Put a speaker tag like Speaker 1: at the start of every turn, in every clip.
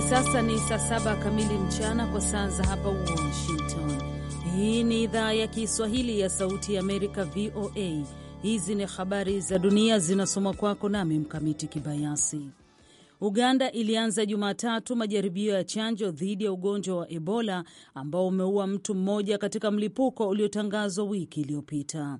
Speaker 1: Hivi sasa ni saa saba kamili mchana kwa saa za hapa Washington. Hii ni idhaa ya Kiswahili ya Sauti ya Amerika, VOA. Hizi ni habari za dunia zinasoma kwako nami Mkamiti Kibayasi. Uganda ilianza Jumatatu majaribio ya chanjo dhidi ya ugonjwa wa Ebola ambao umeua mtu mmoja katika mlipuko uliotangazwa wiki iliyopita.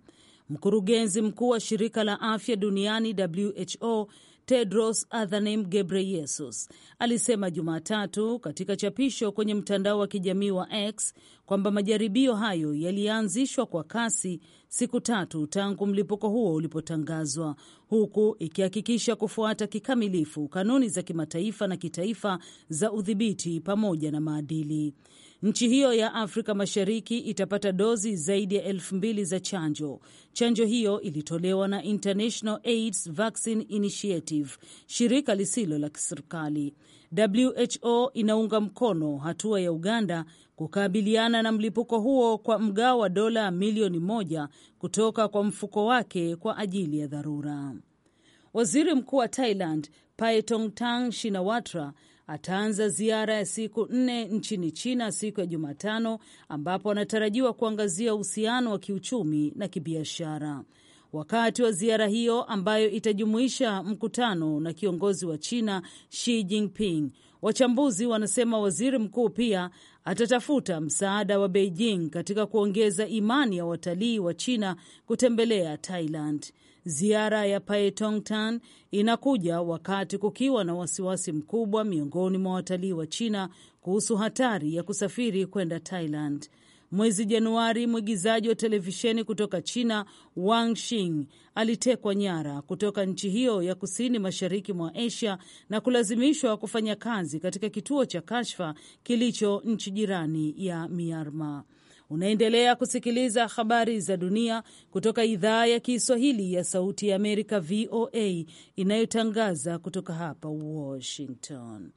Speaker 1: Mkurugenzi mkuu wa shirika la afya duniani WHO Tedros Adhanom Ghebreyesus alisema Jumatatu katika chapisho kwenye mtandao wa kijamii wa X kwamba majaribio hayo yalianzishwa kwa kasi siku tatu tangu mlipuko huo ulipotangazwa, huku ikihakikisha kufuata kikamilifu kanuni za kimataifa na kitaifa za udhibiti pamoja na maadili. Nchi hiyo ya Afrika Mashariki itapata dozi zaidi ya elfu mbili za chanjo. Chanjo hiyo ilitolewa na International AIDS Vaccine Initiative, shirika lisilo la kiserikali. WHO inaunga mkono hatua ya Uganda kukabiliana na mlipuko huo kwa mgao wa dola milioni moja kutoka kwa mfuko wake kwa ajili ya dharura. Waziri Mkuu wa Thailand Paetongtarn Shinawatra ataanza ziara ya siku nne nchini China siku ya Jumatano, ambapo anatarajiwa kuangazia uhusiano wa kiuchumi na kibiashara. Wakati wa ziara hiyo ambayo itajumuisha mkutano na kiongozi wa China Xi Jinping, wachambuzi wanasema waziri mkuu pia atatafuta msaada wa Beijing katika kuongeza imani ya watalii wa China kutembelea Thailand. Ziara ya paetongtan inakuja wakati kukiwa na wasiwasi mkubwa miongoni mwa watalii wa China kuhusu hatari ya kusafiri kwenda Thailand. Mwezi Januari, mwigizaji wa televisheni kutoka China Wang shing alitekwa nyara kutoka nchi hiyo ya kusini mashariki mwa Asia na kulazimishwa kufanya kazi katika kituo cha kashfa kilicho nchi jirani ya Myanmar. Unaendelea kusikiliza habari za dunia kutoka idhaa ya Kiswahili ya Sauti ya Amerika, VOA, inayotangaza kutoka hapa Washington.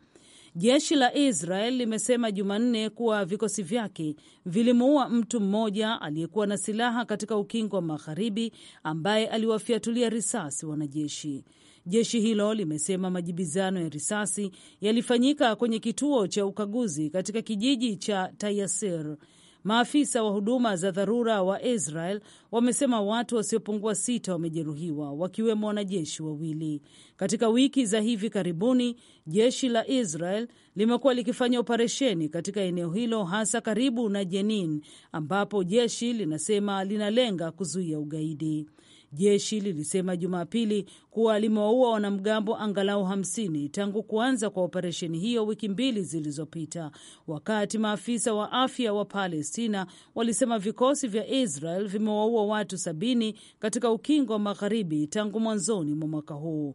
Speaker 1: Jeshi la Israel limesema Jumanne kuwa vikosi vyake vilimuua mtu mmoja aliyekuwa na silaha katika ukingo wa magharibi ambaye aliwafyatulia risasi wanajeshi. Jeshi hilo limesema majibizano ya risasi yalifanyika kwenye kituo cha ukaguzi katika kijiji cha Tayasir Maafisa wa huduma za dharura wa Israel wamesema watu wasiopungua sita wamejeruhiwa, wakiwemo wanajeshi wawili. Katika wiki za hivi karibuni, jeshi la Israel limekuwa likifanya operesheni katika eneo hilo, hasa karibu na Jenin, ambapo jeshi linasema linalenga kuzuia ugaidi. Jeshi lilisema Jumapili kuwa limewaua wanamgambo angalau hamsini tangu kuanza kwa operesheni hiyo wiki mbili zilizopita, wakati maafisa wa afya wa Palestina walisema vikosi vya Israel vimewaua watu sabini katika ukingo wa magharibi tangu mwanzoni mwa mwaka huu.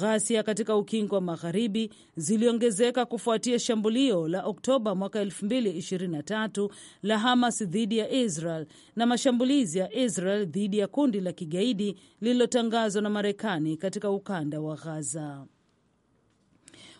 Speaker 1: Ghasia katika ukingo wa magharibi ziliongezeka kufuatia shambulio la Oktoba mwaka 2023 la Hamas dhidi ya Israel na mashambulizi ya Israel dhidi ya kundi la kigaidi zaidi lililotangazwa na Marekani katika ukanda wa Gaza.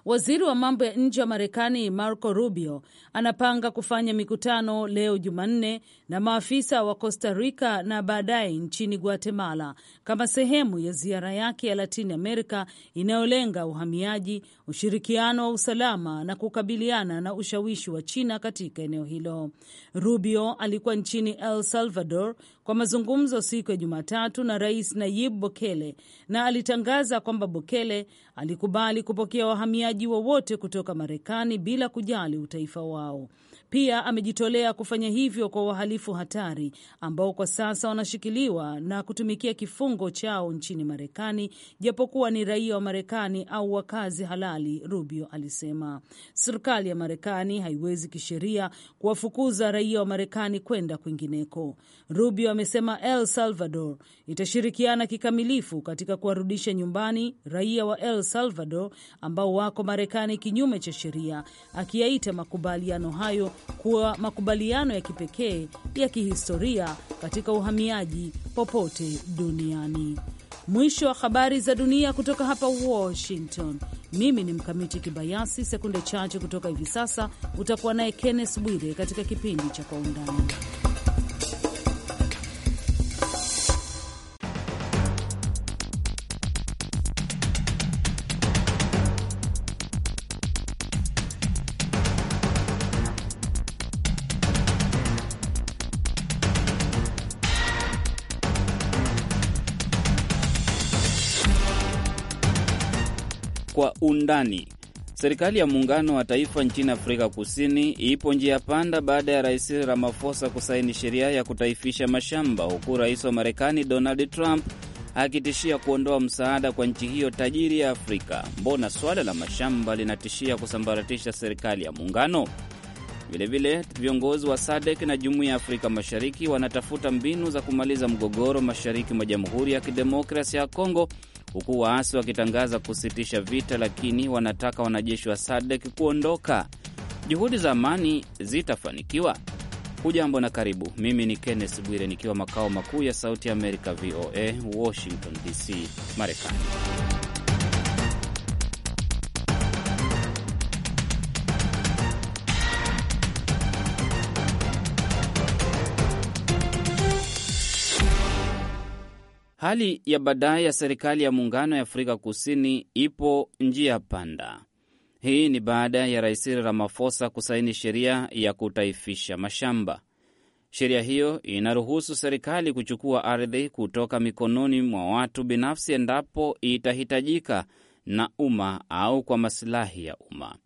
Speaker 1: Waziri wa mambo ya nje wa Marekani Marco Rubio anapanga kufanya mikutano leo Jumanne na maafisa wa Costa Rica na baadaye nchini Guatemala kama sehemu ya ziara yake ya Latin America inayolenga uhamiaji, ushirikiano wa usalama na kukabiliana na ushawishi wa China katika eneo hilo. Rubio alikuwa nchini El Salvador kwa mazungumzo siku ya Jumatatu na Rais Nayib Bokele na alitangaza kwamba Bokele alikubali kupokea wahamiaji wowote wa kutoka Marekani bila kujali utaifa wao. Pia amejitolea kufanya hivyo kwa wahalifu hatari ambao kwa sasa wanashikiliwa na kutumikia kifungo chao nchini Marekani, japokuwa ni raia wa Marekani au wakazi halali. Rubio alisema serikali ya Marekani haiwezi kisheria kuwafukuza raia wa Marekani kwenda kwingineko. Rubio amesema El Salvador itashirikiana kikamilifu katika kuwarudisha nyumbani raia wa El Salvador ambao wako Marekani kinyume cha sheria, akiyaita makubaliano hayo kuwa makubaliano ya kipekee ya kihistoria katika uhamiaji popote duniani. Mwisho wa habari za dunia kutoka hapa Washington. Mimi ni Mkamiti Kibayasi. Sekunde chache kutoka hivi sasa utakuwa naye Kenneth Bwire katika kipindi cha Kwa Undani.
Speaker 2: undani. Serikali ya muungano wa taifa nchini Afrika Kusini ipo njia panda baada ya Rais Ramaphosa kusaini sheria ya kutaifisha mashamba, huku rais wa Marekani Donald Trump akitishia kuondoa msaada kwa nchi hiyo tajiri ya Afrika. Mbona swala la mashamba linatishia kusambaratisha serikali ya muungano? Vilevile viongozi wa SADEK na jumuiya ya Afrika Mashariki wanatafuta mbinu za kumaliza mgogoro mashariki mwa Jamhuri ya Kidemokrasia ya Kongo huku waasi wakitangaza kusitisha vita, lakini wanataka wanajeshi wa SADC kuondoka. Juhudi za amani zitafanikiwa? Hujambo na karibu. Mimi ni Kenneth Bwire nikiwa makao makuu ya Sauti ya Amerika, VOA, Washington DC, Marekani. Hali ya baadaye ya serikali ya muungano ya Afrika Kusini ipo njia panda. Hii ni baada ya Rais Ramaphosa kusaini sheria ya kutaifisha mashamba. Sheria hiyo inaruhusu serikali kuchukua ardhi kutoka mikononi mwa watu binafsi endapo itahitajika na umma au kwa masilahi ya umma.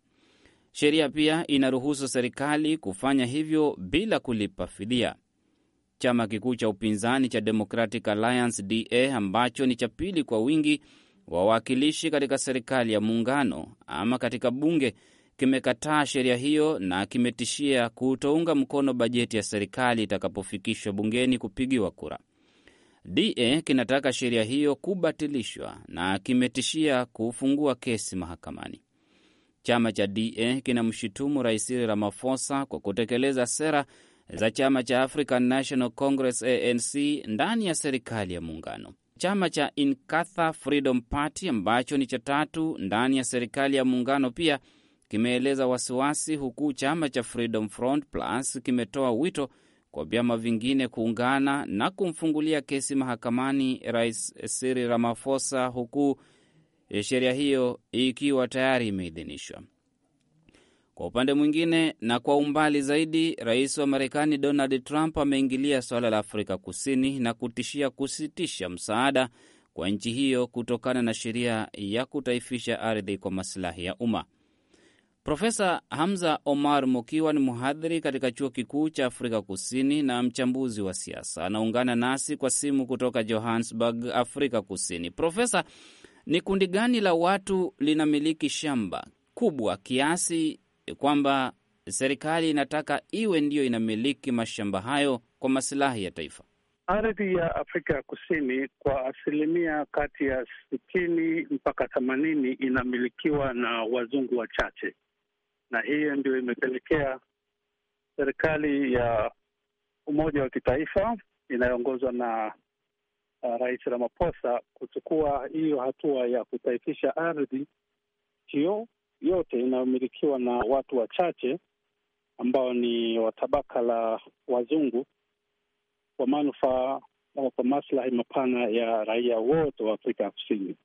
Speaker 2: Sheria pia inaruhusu serikali kufanya hivyo bila kulipa fidia chama kikuu cha upinzani cha Democratic Alliance DA ambacho ni cha pili kwa wingi wawakilishi katika serikali ya muungano ama katika bunge kimekataa sheria hiyo na kimetishia kutounga mkono bajeti ya serikali itakapofikishwa bungeni kupigiwa kura. DA kinataka sheria hiyo kubatilishwa na kimetishia kufungua kesi mahakamani. Chama cha DA kinamshutumu Rais Ramaphosa kwa kutekeleza sera za chama cha African National Congress ANC ndani ya serikali ya muungano. Chama cha Inkatha Freedom Party ambacho ni cha tatu ndani ya serikali ya muungano pia kimeeleza wasiwasi, huku chama cha Freedom Front Plus kimetoa wito kwa vyama vingine kuungana na kumfungulia kesi mahakamani Rais Cyril Ramaphosa, huku sheria hiyo ikiwa tayari imeidhinishwa. Kwa upande mwingine na kwa umbali zaidi, rais wa Marekani Donald Trump ameingilia suala la Afrika Kusini na kutishia kusitisha msaada kwa nchi hiyo kutokana na sheria ya kutaifisha ardhi kwa masilahi ya umma. Profesa Hamza Omar Mokiwa ni mhadhiri katika chuo kikuu cha Afrika Kusini na mchambuzi wa siasa, anaungana nasi kwa simu kutoka Johannesburg, Afrika Kusini. Profesa, ni kundi gani la watu linamiliki shamba kubwa kiasi kwamba serikali inataka iwe ndiyo inamiliki mashamba hayo kwa masilahi ya taifa.
Speaker 3: Ardhi ya Afrika ya Kusini kwa asilimia kati ya sitini mpaka themanini inamilikiwa na wazungu wachache, na hiyo ndio imepelekea serikali ya umoja wa kitaifa inayoongozwa na uh, Rais Ramaphosa kuchukua hiyo hatua ya kutaifisha ardhi hiyo yote inayomilikiwa na watu wachache ambao ni wa tabaka la wazungu kwa manufaa au kwa maslahi mapana ya raia wote wa Afrika ya Kusini.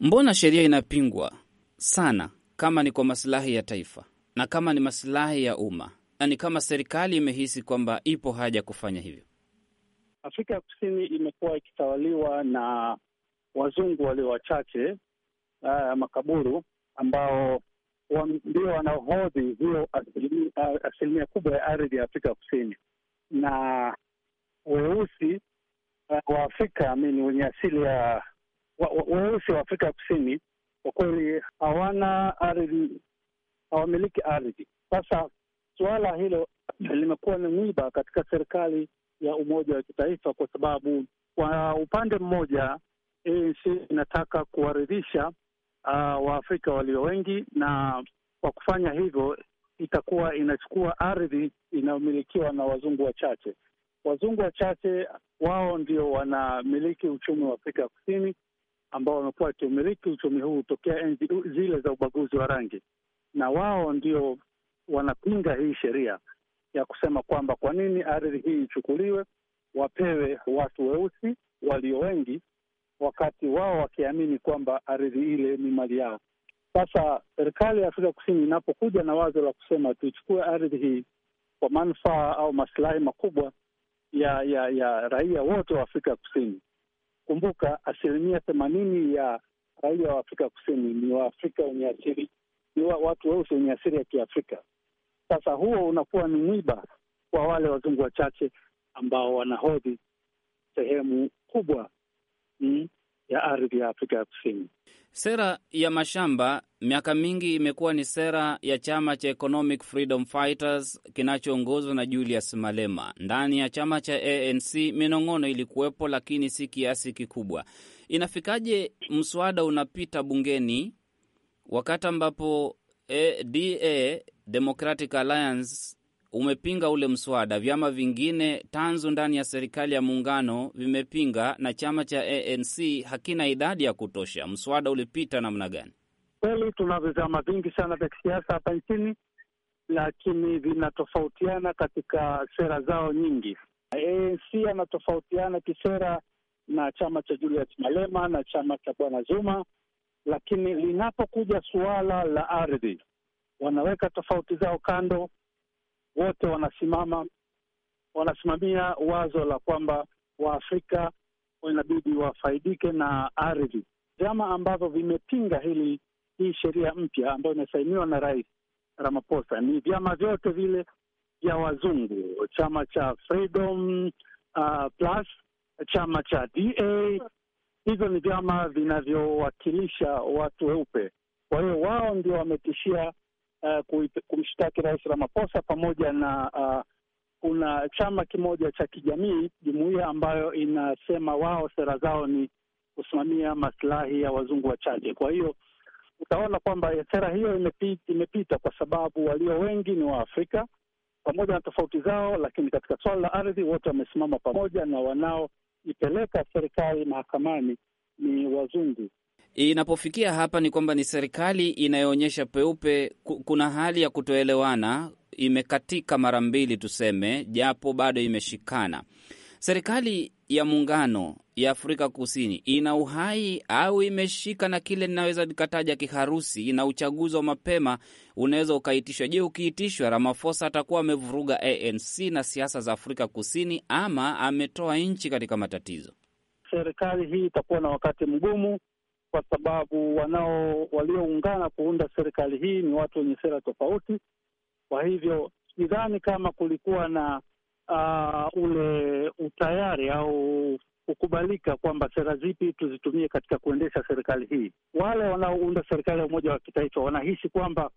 Speaker 2: Mbona sheria inapingwa sana kama ni kwa masilahi ya taifa na kama ni masilahi ya umma, na ni kama serikali imehisi kwamba ipo haja kufanya hivyo?
Speaker 3: Afrika ya Kusini imekuwa ikitawaliwa na wazungu walio wachache, uh, makaburu ambao ndio wanahodhi hiyo asilimia kubwa ya ardhi ya Afrika Kusini, na weusi uh, wa Afrika amini wenye asili ya weusi wa Afrika Kusini kwa kweli hawana ardhi, hawamiliki ardhi. Sasa suala hilo limekuwa ni mwiba katika serikali ya umoja wa kitaifa, kwa sababu kwa upande mmoja ANC inataka kuwaridhisha uh, Waafrika walio wengi, na kwa kufanya hivyo itakuwa inachukua ardhi inayomilikiwa na wazungu wachache. Wazungu wachache wao ndio wanamiliki uchumi wa Afrika ya Kusini, ambao wamekuwa wakiumiliki uchumi huu tokea enzi zile za ubaguzi wa rangi, na wao ndio wanapinga hii sheria ya kusema kwamba kwa nini ardhi hii ichukuliwe wapewe watu weusi walio wengi wakati wao wakiamini kwamba ardhi ile ni mali yao. Sasa serikali ya Afrika Kusini inapokuja na wazo la kusema tuichukue ardhi hii kwa manufaa au masilahi makubwa ya ya ya raia wote wa Afrika Kusini. Kumbuka asilimia themanini ya raia wa Afrika Kusini ni Waafrika wenye asili, ni wa watu weusi wenye asili ya Kiafrika. Sasa huo unakuwa ni mwiba kwa wale wazungu wachache ambao wanahodhi sehemu kubwa hii ya ardhi ya Afrika ya Kusini.
Speaker 2: Sera ya mashamba miaka mingi imekuwa ni sera ya chama cha Economic Freedom Fighters kinachoongozwa na Julius Malema. Ndani ya chama cha ANC minong'ono ilikuwepo, lakini si kiasi kikubwa. Inafikaje mswada unapita bungeni wakati ambapo eh, DA, Democratic Alliance umepinga ule mswada. Vyama vingine tanzu ndani ya serikali ya muungano vimepinga, na chama cha ANC hakina idadi ya kutosha. Mswada ulipita namna gani?
Speaker 3: Kweli tuna vyama vingi sana vya kisiasa hapa nchini, lakini vinatofautiana katika sera zao nyingi. ANC anatofautiana kisera na chama cha Julius Malema na chama cha bwana Zuma, lakini linapokuja suala la ardhi wanaweka tofauti zao kando wote wanasimama wanasimamia wazo la kwamba Waafrika inabidi wafaidike na ardhi, vyama ambavyo vimepinga hili hii sheria mpya ambayo imesainiwa na Rais Ramaphosa ni vyama vyote vile vya wazungu, chama cha Freedom uh, Plus, chama cha DA. Hivyo ni vyama vinavyowakilisha watu weupe, kwa hiyo wao ndio wametishia uh, kumshtaki Rais Ramaphosa pamoja na uh, kuna chama kimoja cha kijamii jumuiya ambayo inasema wao sera zao ni kusimamia masilahi ya wazungu wachache. Kwa hiyo utaona kwamba sera hiyo imepita, imepita kwa sababu walio wengi ni Waafrika pamoja na tofauti zao, lakini katika swala la ardhi wote wamesimama pamoja, na wanaoipeleka serikali mahakamani ni wazungu.
Speaker 2: Inapofikia hapa ni kwamba ni serikali inayoonyesha peupe kuna hali ya kutoelewana, imekatika mara mbili tuseme, japo bado imeshikana. Serikali ya muungano ya Afrika Kusini ina uhai au imeshika na kile ninaweza nikataja kiharusi, na uchaguzi wa mapema unaweza ukaitishwa. Je, ukiitishwa ramafosa atakuwa amevuruga ANC na siasa za Afrika Kusini ama ametoa nchi katika matatizo?
Speaker 3: Serikali hii itakuwa na wakati mgumu kwa sababu wanao walioungana kuunda serikali hii ni watu wenye sera tofauti. Kwa hivyo sidhani kama kulikuwa na uh, ule utayari au kukubalika kwamba sera zipi tuzitumie katika kuendesha serikali hii. Wale wanaounda serikali ya umoja wa kitaifa wanahisi kwamba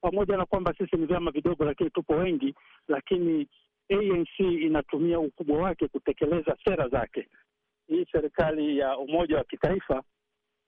Speaker 3: pamoja na kwamba sisi ni vyama vidogo, lakini tupo wengi, lakini ANC inatumia ukubwa wake kutekeleza sera zake. Hii serikali ya umoja wa kitaifa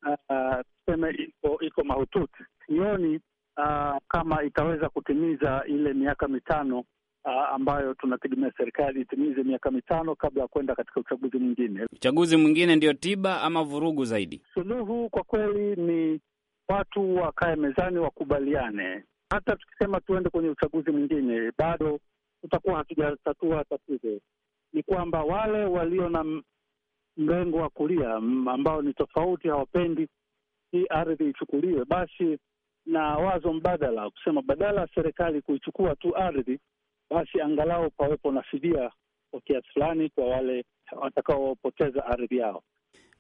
Speaker 3: uh, tuseme iko iko mahututi. Sioni uh, kama itaweza kutimiza ile miaka mitano Uh, ambayo tunategemea serikali itimize miaka mitano kabla ya kwenda katika uchaguzi mwingine.
Speaker 2: Uchaguzi mwingine ndio tiba ama vurugu zaidi?
Speaker 3: Suluhu kwa kweli ni watu wakae mezani, wakubaliane. Hata tukisema tuende kwenye uchaguzi mwingine, bado tutakuwa hatujatatua tatizo. Ni kwamba wale walio na mrengo wa kulia ambao ni tofauti, hawapendi hii ardhi ichukuliwe, basi na wazo mbadala kusema badala ya serikali kuichukua tu ardhi, basi angalau pawepo na fidia kwa kiasi fulani kwa wale watakaopoteza ardhi yao.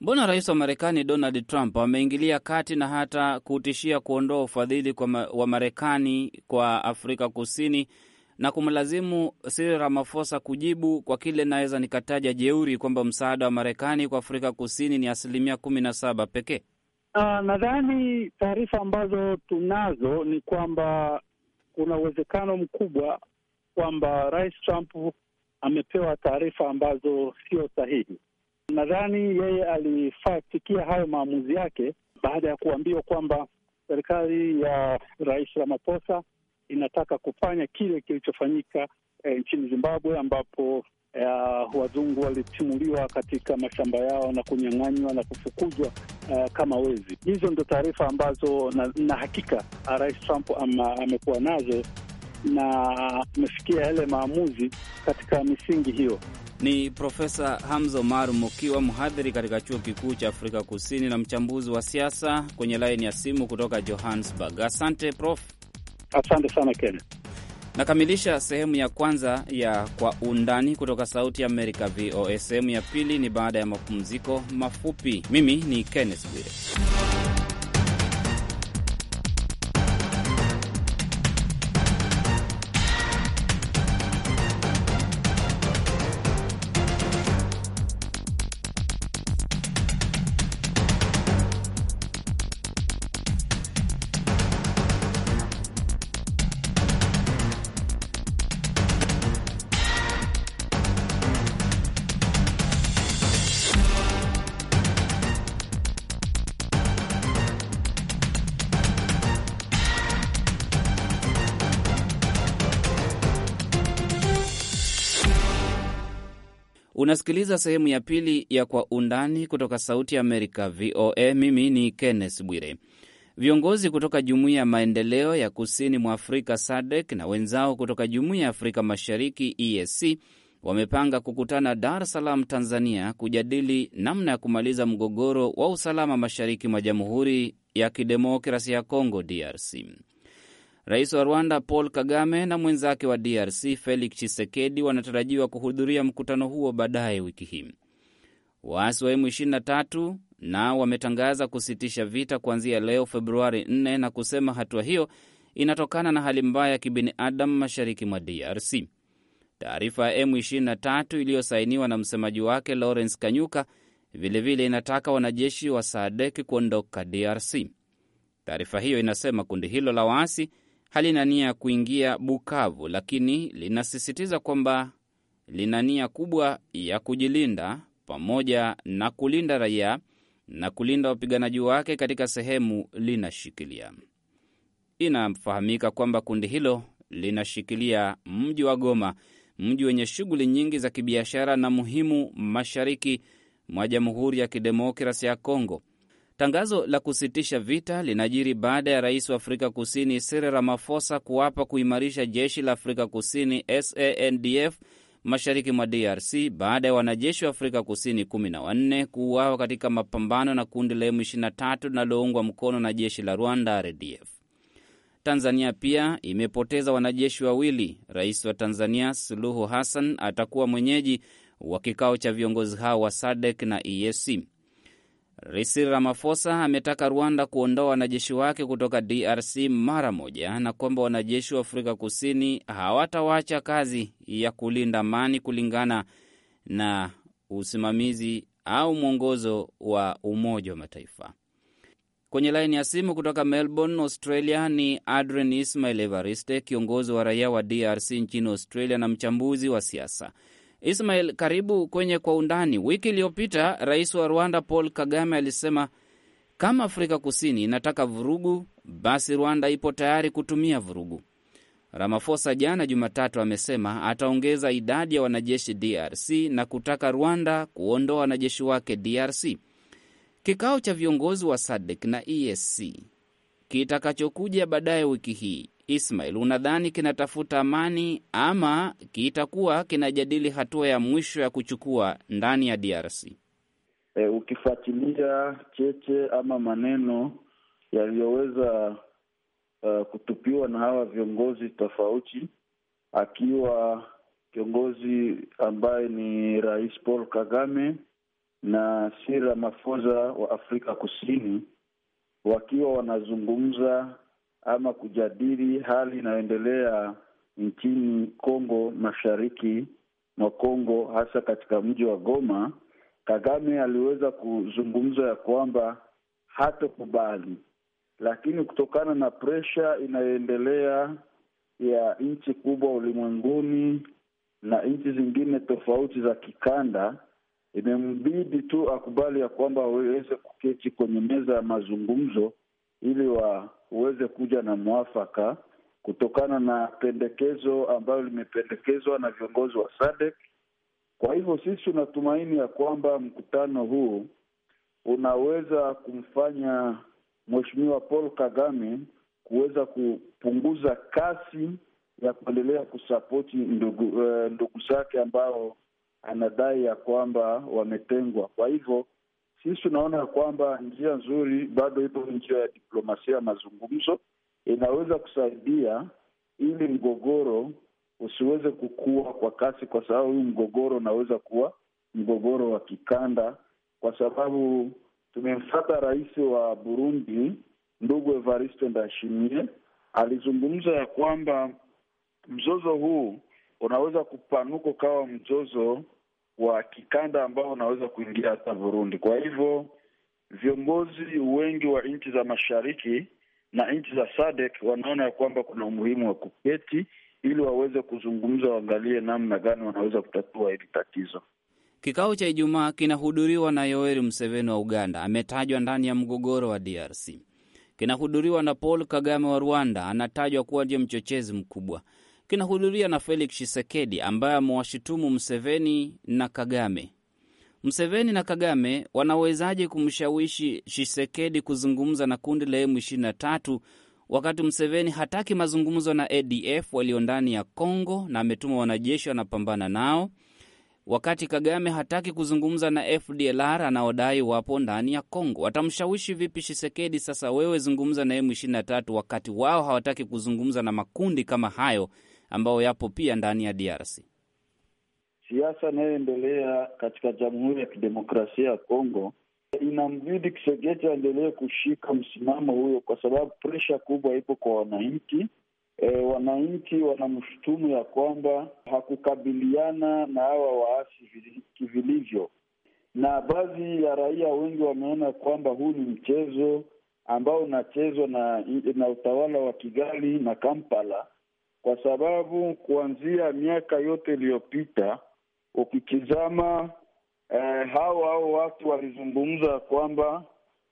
Speaker 2: Mbona rais wa Marekani Donald Trump ameingilia kati na hata kutishia kuondoa ufadhili ma wa Marekani kwa Afrika Kusini na kumlazimu Cyril Ramaphosa kujibu kwa kile naweza nikataja jeuri kwamba msaada wa Marekani kwa Afrika Kusini ni asilimia kumi na saba pekee.
Speaker 3: Uh, nadhani taarifa ambazo tunazo ni kwamba kuna uwezekano mkubwa kwamba Rais Trump amepewa taarifa ambazo sio sahihi. Nadhani yeye alifikia hayo maamuzi yake baada ya kuambiwa kwamba serikali ya Rais Ramaphosa inataka kufanya kile kilichofanyika eh, nchini Zimbabwe ambapo eh, wazungu walitimuliwa katika mashamba yao na kunyang'anywa na kufukuzwa eh, kama wezi. Hizo ndio taarifa ambazo na, na hakika ah, Rais Trump amekuwa nazo na amefikia yale maamuzi katika misingi hiyo.
Speaker 2: Ni Profesa Hamza Omar Mokiwa, mhadhiri katika Chuo Kikuu cha Afrika Kusini na mchambuzi wa siasa, kwenye laini ya simu kutoka Johannesburg. Asante Prof.
Speaker 3: Asante sana Kenneth.
Speaker 2: Nakamilisha sehemu ya kwanza ya Kwa Undani kutoka Sauti ya Amerika, VOA. Sehemu ya pili ni baada ya mapumziko mafupi. Mimi ni Kenneth Bwire. Unasikiliza sehemu ya pili ya Kwa Undani kutoka Sauti ya Amerika, VOA. Mimi ni Kenneth Bwire. Viongozi kutoka Jumuiya ya Maendeleo ya Kusini mwa Afrika, SADC, na wenzao kutoka Jumuiya ya Afrika Mashariki, EAC, wamepanga kukutana Dar es Salaam, Tanzania, kujadili namna ya kumaliza mgogoro wa usalama mashariki mwa Jamhuri ya Kidemokrasia ya congo DRC. Rais wa Rwanda Paul Kagame na mwenzake wa DRC Felix Tshisekedi wanatarajiwa kuhudhuria mkutano huo baadaye wiki hii. Waasi wa M23 nao wametangaza kusitisha vita kuanzia leo Februari 4 na kusema hatua hiyo inatokana na hali mbaya ya kibinadamu mashariki mwa DRC. Taarifa ya M23 iliyosainiwa na msemaji wake Lawrence Kanyuka vilevile vile inataka wanajeshi wa SADEK kuondoka DRC. Taarifa hiyo inasema kundi hilo la waasi halina nia ya kuingia Bukavu, lakini linasisitiza kwamba lina nia kubwa ya kujilinda pamoja na kulinda raia na kulinda wapiganaji wake katika sehemu linashikilia. Inafahamika kwamba kundi hilo linashikilia mji wa Goma, mji wenye shughuli nyingi za kibiashara na muhimu mashariki mwa Jamhuri ya Kidemokrasi ya Kongo, Tangazo la kusitisha vita linajiri baada ya rais wa Afrika Kusini Cyril Ramaphosa kuapa kuimarisha jeshi la Afrika Kusini SANDF mashariki mwa DRC baada ya wanajeshi wa Afrika Kusini 14 kuuawa katika mapambano na kundi la M23 linaloungwa mkono na jeshi la Rwanda RDF. Tanzania pia imepoteza wanajeshi wawili. Rais wa Tanzania Suluhu Hassan atakuwa mwenyeji wa kikao cha viongozi hao wa SADC na EAC. Cyril Ramaphosa ametaka Rwanda kuondoa wanajeshi wake kutoka DRC mara moja na kwamba wanajeshi wa Afrika Kusini hawatawacha kazi ya kulinda amani kulingana na usimamizi au mwongozo wa Umoja wa Mataifa. Kwenye laini ya simu kutoka Melbourne, Australia ni Adrian Ismail Evariste, kiongozi wa raia wa DRC nchini Australia na mchambuzi wa siasa. Ismail, karibu kwenye Kwa Undani. Wiki iliyopita rais wa Rwanda Paul Kagame alisema kama Afrika Kusini inataka vurugu, basi Rwanda ipo tayari kutumia vurugu. Ramaphosa jana Jumatatu amesema ataongeza idadi ya wanajeshi DRC na kutaka Rwanda kuondoa wanajeshi wake DRC. Kikao cha viongozi wa SADC na EAC kitakachokuja baadaye wiki hii Ismail, unadhani kinatafuta amani ama kitakuwa kinajadili hatua ya mwisho ya kuchukua ndani ya DRC? E,
Speaker 4: eh, ukifuatilia cheche ama maneno yaliyoweza uh, kutupiwa na hawa viongozi tofauti, akiwa kiongozi ambaye ni Rais Paul Kagame na Cyril Ramaphosa wa Afrika Kusini, wakiwa wanazungumza ama kujadili hali inayoendelea nchini Kongo, mashariki mwa Kongo, hasa katika mji wa Goma, Kagame aliweza kuzungumza ya kwamba hatokubali, lakini kutokana na presha inayoendelea ya nchi kubwa ulimwenguni na nchi zingine tofauti za kikanda, imembidi tu akubali ya kwamba waweze kuketi kwenye meza ya mazungumzo ili wa uweze kuja na mwafaka kutokana na pendekezo ambayo limependekezwa na viongozi wa SADC. Kwa hivyo sisi tunatumaini ya kwamba mkutano huu unaweza kumfanya Mheshimiwa Paul Kagame kuweza kupunguza kasi ya kuendelea kusapoti ndugu, uh, ndugu zake ambao anadai ya kwamba wametengwa. Kwa hivyo sisi tunaona ya kwamba njia nzuri bado ipo, njia ya diplomasia ya mazungumzo inaweza kusaidia ili mgogoro usiweze kukua kwa kasi, kwa sababu huyu mgogoro unaweza kuwa mgogoro wa kikanda, kwa sababu tumemfata rais wa Burundi ndugu Evariste Ndayishimiye alizungumza ya kwamba mzozo huu unaweza kupanuka ukawa mzozo wa kikanda ambao unaweza kuingia hata Burundi. Kwa hivyo viongozi wengi wa nchi za mashariki na nchi za SADC wanaona ya kwamba kuna umuhimu wa kuketi ili waweze kuzungumza, waangalie namna gani wanaweza kutatua hili tatizo.
Speaker 2: Kikao cha Ijumaa kinahuduriwa na Yoweri Museveni wa Uganda, ametajwa ndani ya mgogoro wa DRC. Kinahuduriwa na Paul Kagame wa Rwanda, anatajwa kuwa ndiye mchochezi mkubwa kinahudhuria na Felix shisekedi ambaye amewashutumu Mseveni na Kagame. Mseveni na Kagame wanawezaje kumshawishi shisekedi kuzungumza na kundi la M23 wakati Mseveni hataki mazungumzo na ADF walio ndani ya Congo na ametuma wanajeshi wanapambana nao, wakati Kagame hataki kuzungumza na FDLR anaodai wapo ndani ya Congo. Watamshawishi vipi shisekedi sasa, wewe zungumza na M23 wakati wao hawataki kuzungumza na makundi kama hayo ambayo yapo pia ndani ya DRC?
Speaker 4: Siasa inayoendelea katika Jamhuri ya Kidemokrasia ya Kongo inambidi Kisegeti aendelee kushika msimamo huyo, kwa sababu presha kubwa ipo kwa wananchi. E, wananchi wanamshutumu ya kwamba hakukabiliana na hawa waasi vilivyo, na baadhi ya raia wengi wameona kwamba huu ni mchezo ambao unachezwa na, na utawala wa Kigali na Kampala kwa sababu kuanzia miaka yote iliyopita ukikizama eh, hao hao watu walizungumza kwamba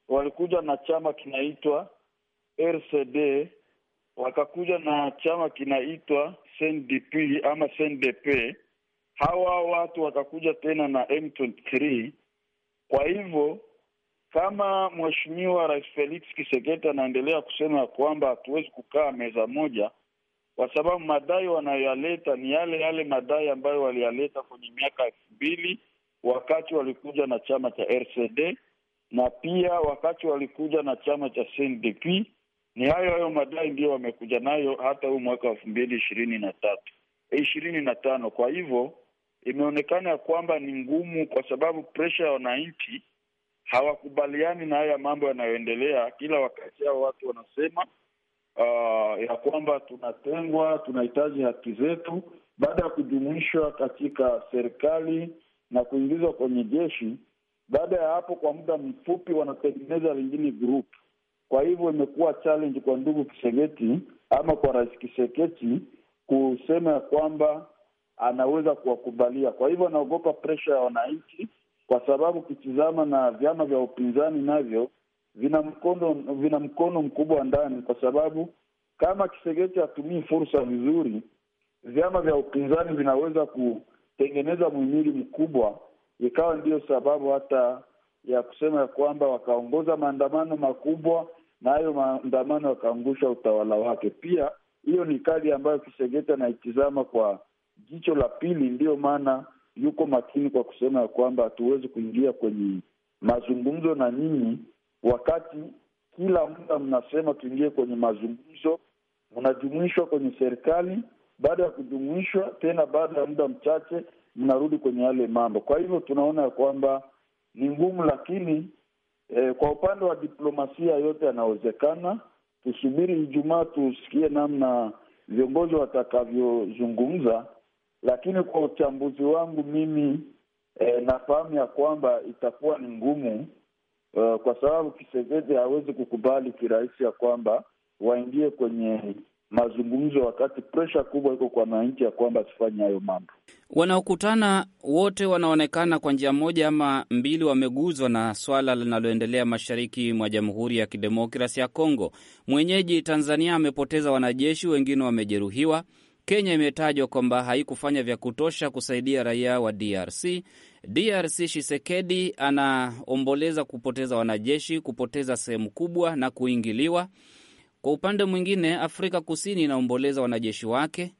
Speaker 4: walikuja na chama kinaitwa RCD, wakakuja na chama kinaitwa CNDP ama CNDP, hawa watu wakakuja tena na M23. Kwa hivyo kama mheshimiwa Rais Felix Kisekete anaendelea kusema kwamba hatuwezi kukaa meza moja, kwa sababu madai wanayoyaleta ni yale yale madai ambayo waliyaleta kwenye miaka elfu mbili wakati walikuja na chama cha RCD na pia wakati walikuja na chama cha CNDP. Ni hayo hayo madai ndiyo wamekuja nayo hata huu mwaka elfu mbili ishirini na tatu ishirini na tano. Kwa hivyo imeonekana ya kwamba ni ngumu, kwa sababu presha ya wananchi hawakubaliani na haya mambo yanayoendelea. Kila wakati hao watu wanasema uh, ya kwamba tunatengwa, tunahitaji haki zetu. Baada ya kujumuishwa katika serikali na kuingizwa kwenye jeshi, baada ya hapo, kwa muda mfupi wanatengeneza lingine group. Kwa hivyo imekuwa challenge kwa ndugu Kisegeti ama kwa rais Kiseketi kusema ya kwamba anaweza kuwakubalia. Kwa hivyo anaogopa presha ya wananchi, kwa sababu kitizama na vyama vya upinzani navyo vina mkono vina mkono mkubwa ndani, kwa sababu kama Kisegeti hatumii fursa vizuri, vyama vya upinzani vinaweza kutengeneza muhimili mkubwa, ikawa ndiyo sababu hata ya kusema ya kwamba wakaongoza maandamano makubwa na hayo maandamano yakaangusha utawala wake. Pia hiyo ni kali ambayo Kisegeti anaitizama kwa jicho la pili, ndiyo maana yuko makini kwa kusema ya kwamba hatuwezi kuingia kwenye mazungumzo na nyinyi wakati kila muda mnasema tuingie kwenye mazungumzo, mnajumuishwa kwenye serikali. Baada ya kujumuishwa tena, baada ya muda mchache mnarudi kwenye yale mambo. Kwa hivyo tunaona ya kwamba ni ngumu, lakini eh, kwa upande wa diplomasia yote yanawezekana. Tusubiri Ijumaa tusikie namna viongozi watakavyozungumza, lakini kwa uchambuzi wangu mimi eh, nafahamu ya kwamba itakuwa ni ngumu uh, kwa sababu Kisevedi hawezi kukubali kirahisi ya kwamba waingie kwenye mazungumzo wakati presha kubwa iko kwa wananchi ya kwamba asifanye hayo mambo.
Speaker 2: Wanaokutana wote wanaonekana kwa njia moja ama mbili wameguzwa na swala linaloendelea mashariki mwa Jamhuri ya Kidemokrasi ya Kongo. Mwenyeji Tanzania amepoteza wanajeshi, wengine wamejeruhiwa. Kenya imetajwa kwamba haikufanya vya kutosha kusaidia raia wa DRC DRC Shisekedi anaomboleza kupoteza wanajeshi, kupoteza sehemu kubwa na kuingiliwa. Kwa upande mwingine, Afrika Kusini inaomboleza wanajeshi wake.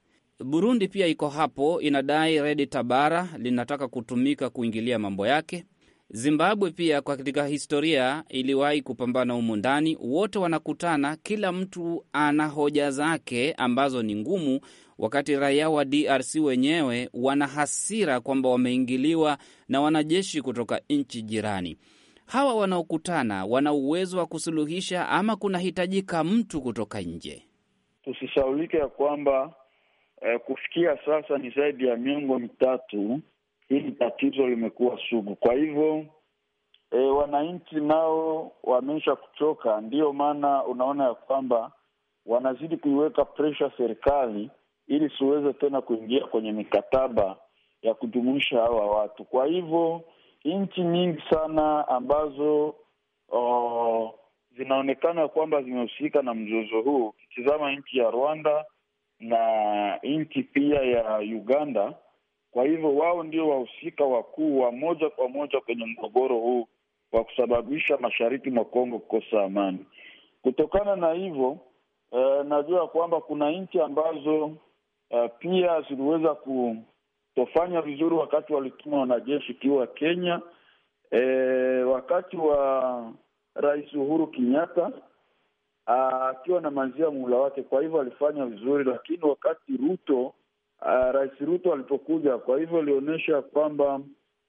Speaker 2: Burundi pia iko hapo, inadai Redi Tabara linataka kutumika kuingilia mambo yake. Zimbabwe pia kwa katika historia iliwahi kupambana humu ndani. Wote wanakutana, kila mtu ana hoja zake ambazo ni ngumu wakati raia wa DRC wenyewe wana hasira kwamba wameingiliwa na wanajeshi kutoka nchi jirani. Hawa wanaokutana wana uwezo wa kusuluhisha ama kunahitajika mtu kutoka nje?
Speaker 4: Tusisaulike ya kwamba eh, kufikia sasa ni zaidi ya miongo mitatu hili tatizo limekuwa sugu. Kwa hivyo eh, wananchi nao wameisha kuchoka, ndiyo maana unaona ya kwamba wanazidi kuiweka presha serikali ili siweze tena kuingia kwenye mikataba ya kujumuisha hawa watu. Kwa hivyo nchi nyingi sana ambazo oh, zinaonekana kwamba zimehusika na mzozo huu, ukitizama nchi ya Rwanda na nchi pia ya Uganda. Kwa hivyo wao ndio wahusika wakuu wa moja kwa moja kwenye mgogoro huu wa kusababisha mashariki mwa Kongo kukosa amani. Kutokana na hivyo, eh, najua kwamba kuna nchi ambazo Uh, pia ziliweza kutofanya vizuri wakati walituma wanajeshi kiwa Kenya. E, wakati wa Rais Uhuru Kenyatta uh, akiwa uh, na manzia muhula wake, kwa hivyo alifanya vizuri, lakini wakati Ruto uh, Rais Ruto alipokuja, kwa hivyo alionyesha kwamba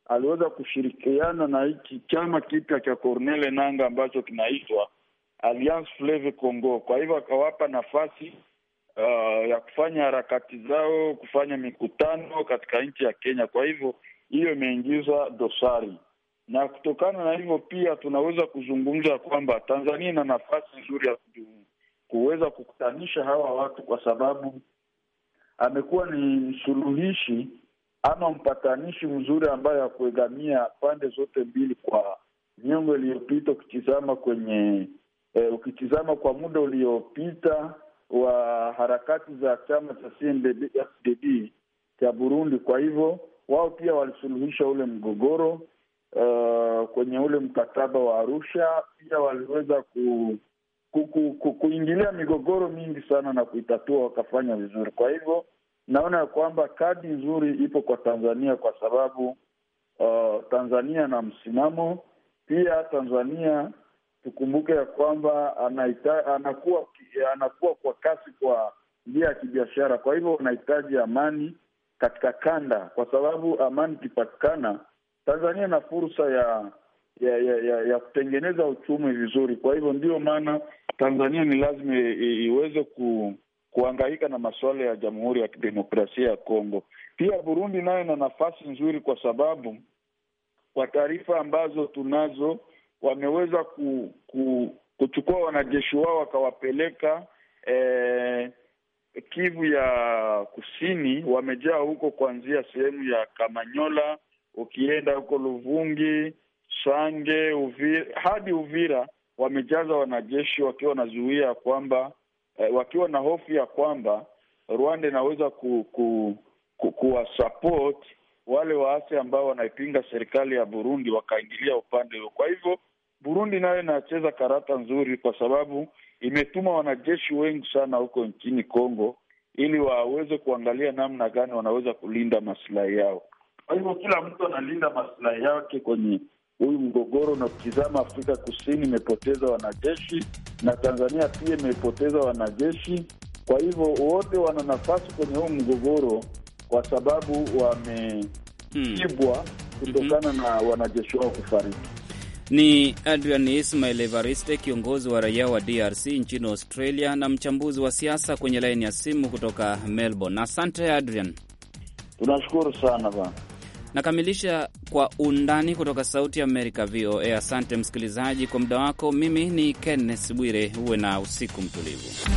Speaker 4: aliweza kushirikiana na hiki chama kipya cha Corneille nanga ambacho kinaitwa Alliance Fleuve Congo, kwa hivyo akawapa nafasi uh, ya kufanya harakati zao, kufanya mikutano katika nchi ya Kenya. Kwa hivyo hiyo imeingiza dosari, na kutokana na hivyo pia tunaweza kuzungumza kwamba Tanzania ina nafasi nzuri ya kuweza kukutanisha hawa watu, kwa sababu amekuwa ni msuluhishi ama mpatanishi mzuri ambaye akuegamia pande zote mbili kwa miongo iliyopita ukitizama kwenye eh, ukitizama kwa muda uliopita wa harakati za chama cha CNDD-FDD cha Burundi. Kwa hivyo wao pia walisuluhisha ule mgogoro uh, kwenye ule mkataba wa Arusha. Pia waliweza ku, ku, ku, ku, kuingilia migogoro mingi sana na kuitatua wakafanya vizuri. Kwa hivyo naona ya kwamba kadi nzuri ipo kwa Tanzania kwa sababu uh, Tanzania na msimamo pia Tanzania tukumbuke ya kwamba anaita, anakuwa anakuwa kwa kasi kwa njia ya kibiashara. Kwa hivyo unahitaji amani katika kanda, kwa sababu amani ikipatikana, Tanzania ina fursa ya ya, ya ya ya kutengeneza uchumi vizuri. Kwa hivyo ndiyo maana Tanzania ni lazima iweze ku, kuangaika na masuala ya Jamhuri ya Kidemokrasia ya Kongo. Pia Burundi nayo ina nafasi nzuri, kwa sababu kwa taarifa ambazo tunazo wameweza ku, ku, kuchukua wanajeshi wao wakawapeleka eh, Kivu ya kusini, wamejaa huko kuanzia sehemu ya Kamanyola, ukienda huko Luvungi, Sange, Uvira hadi Uvira, wamejaza wanajeshi wakiwa wanazuia ya kwamba eh, wakiwa na hofu ya kwamba Rwanda inaweza ku, ku, ku, kuwasupport wale waasi ambao wanaipinga serikali ya Burundi wakaingilia upande huo. Kwa hivyo Burundi nayo inacheza karata nzuri, kwa sababu imetuma wanajeshi wengi sana huko nchini Kongo ili waweze kuangalia namna gani wanaweza kulinda masilahi yao. Kwa hivyo kila mtu analinda masilahi yake kwenye huyu mgogoro. Na Afrika Kusini imepoteza wanajeshi na Tanzania pia imepoteza wanajeshi. Kwa hivyo wote wana nafasi kwenye huu mgogoro kwa sababu hmm, kutokana -hmm. na wanajeshi wao kufariki.
Speaker 2: Ni Adrian Ismail Evariste, kiongozi wa raia wa DRC nchini Australia na mchambuzi wa siasa kwenye laini ya simu kutoka Melbourne. Asante Adrian.
Speaker 4: Tunashukuru sana bana.
Speaker 2: Nakamilisha kwa undani kutoka Sauti ya Amerika, VOA. Asante msikilizaji kwa muda wako. Mimi ni Kenneth Bwire, uwe na usiku mtulivu.